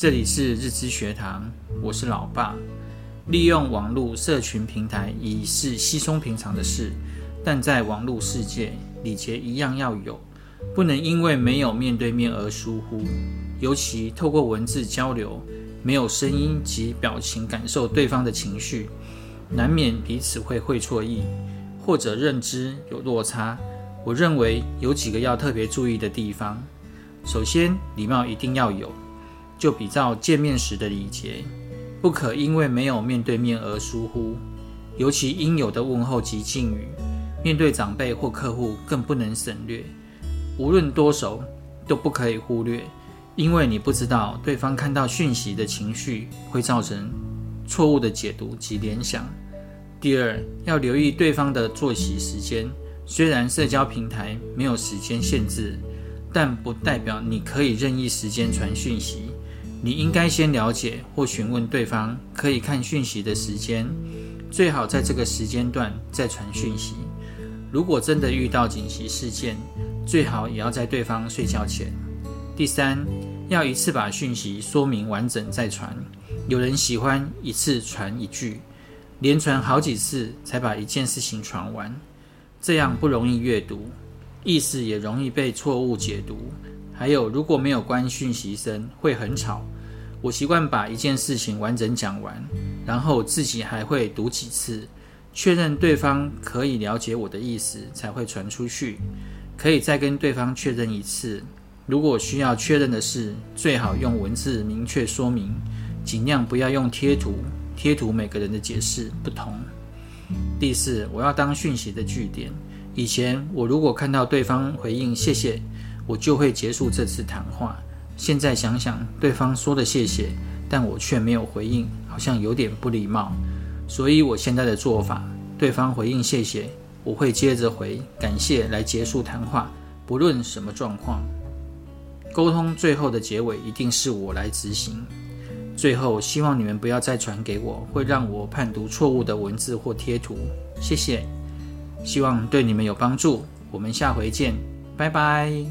這裡是日之學堂，我是老爸。利用網絡社群平台已是稀鬆平常的事，但在網絡世界，禮節一樣要有，不能因為沒有面對面而疏忽。尤其透過文字交流，沒有聲音及表情感受對方的情緒，難免彼此會會錯意，或者認知有落差。我認為有幾個要特別注意的地方。首先，禮貌一定要有。就比照見面時的禮節，不可因為沒有面對面而疏忽，尤其應有的問候及敬語，面對長輩或客戶更不能省略，無論多熟都不可以忽略，因為你不知道對方看到訊息的情緒會造成錯誤的解讀及聯想。第二，要留意對方的作息時間，雖然社交平台沒有時間限制，但不代表你可以任意時間傳訊息。你應該先了解或詢問對方可以看訊息的時間，最好在這個時間段再傳訊息。如果真的遇到緊急事件，最好也要在對方睡覺前。第三，要一次把訊息說明完整再傳。有人喜歡一次傳一句，連傳好幾次才把一件事情傳完，這樣不容易閱讀，意思也容易被錯誤解讀。還有，如果沒有關訊息聲，會很吵。我習慣把一件事情完整講完，然後自己還會讀幾次，確認對方可以了解我的意思才會傳出去。可以再跟對方確認一次。如果需要確認的事，最好用文字明確說明，盡量不要用貼圖。貼圖每個人的解釋不同。第四，我要當訊息的句點。以前我如果看到對方回應“謝謝”，我就會結束這次談話。現在想想，對方說的謝謝，但我卻沒有回應，好像有點不禮貌。所以我現在的做法，對方回應謝謝，我會接着回感謝來結束談話，不論什麼狀況。溝通最後的結尾一定是我來執行。最後，希望你們不要再傳給我，會讓我判讀錯誤的文字或貼圖。謝謝，希望對你們有幫助。我們下回見，拜拜。